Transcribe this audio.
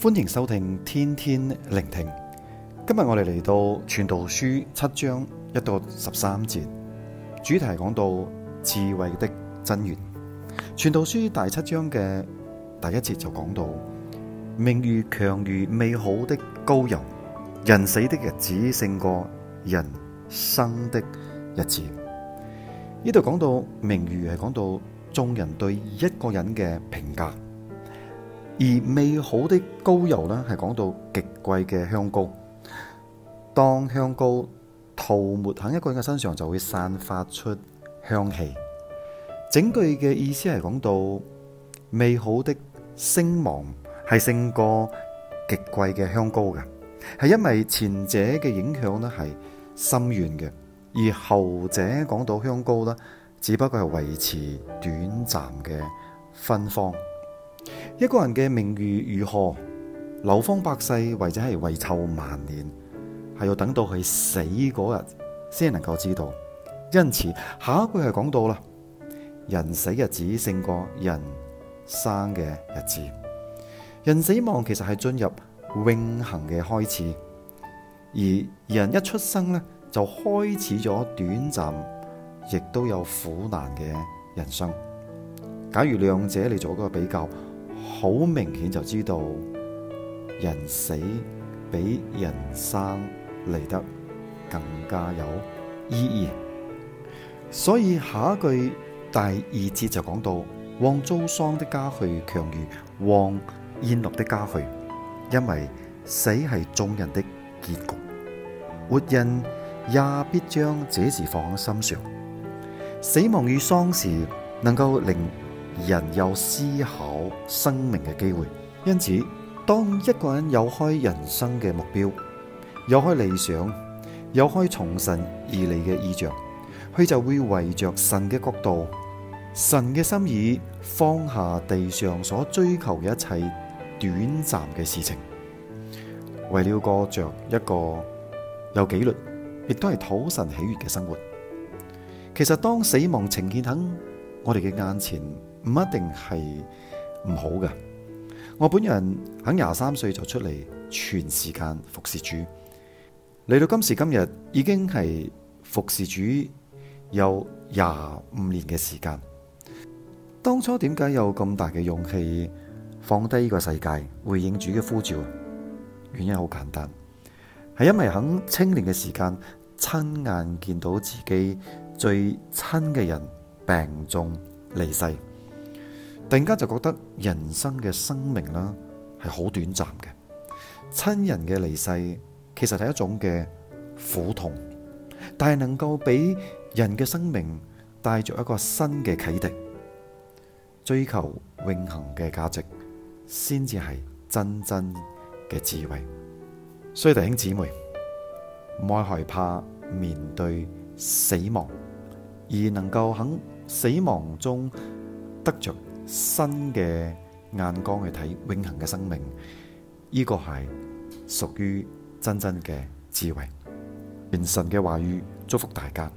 歡迎收聽天天聆聽。今日我哋嚟到《傳道書》七章一到十三節，主題係講到智慧的箴言。《傳道書》第七章嘅第一節就講到：名譽強如美好的膏油，人死的日子勝過人生的日子。呢度講到名譽係講到眾人對一個人嘅評價。而美好的膏油呢，係講到極貴嘅香膏。當香膏塗抹喺一個人嘅身上，就會散發出香氣。整句嘅意思係講到美好的聲望係勝過極貴嘅香膏嘅，係因為前者嘅影響呢係深遠嘅，而後者講到香膏呢，只不過係維持短暫嘅芬芳。一個人嘅名譽如何流芳百世，或者係遺臭萬年，係要等到佢死嗰日先能夠知道。因此下一句係講到啦，人死日子勝過人生嘅日子。人死亡其實係進入永恆嘅開始，而人一出生咧就開始咗短暫，亦都有苦難嘅人生。假如兩者你做一個比較。好明顯就知道，人死比人生嚟得更加有意義。所以下一句第二節就講到：往遭喪的家去，強如往宴樂的家去，因為死係眾人的結局，活人也必將這事放喺心上。死亡與喪事能夠令人有思考生命嘅機會，因此當一個人有開人生嘅目標，有開理想，有開從神而嚟嘅異象，佢就會為着神嘅角度、神嘅心意放下地上所追求嘅一切短暫嘅事情，為了過着一個有紀律亦都係討神喜悅嘅生活。其實當死亡呈現喺我哋嘅眼前。唔一定係唔好㗎。我本人喺廿三歲就出嚟全時間服侍主，嚟到今時今日已經係服侍主有廿五年嘅時間。當初點解有咁大嘅勇氣放低呢個世界回應主嘅呼召？原因好簡單，係因為喺青年嘅時間親眼見到自己最親嘅人病重離世。突然間就覺得人生嘅生命啦係好短暫嘅，親人嘅離世其實係一種嘅苦痛，但係能夠俾人嘅生命帶着一個新嘅啟迪，追求永恆嘅價值，先至係真真嘅智慧。所以弟兄姊妹唔好害怕面對死亡，而能夠喺死亡中得着，新嘅眼光去睇永恒，嘅生命，呢、這個係屬於真正嘅智慧。願神嘅話語祝福大家。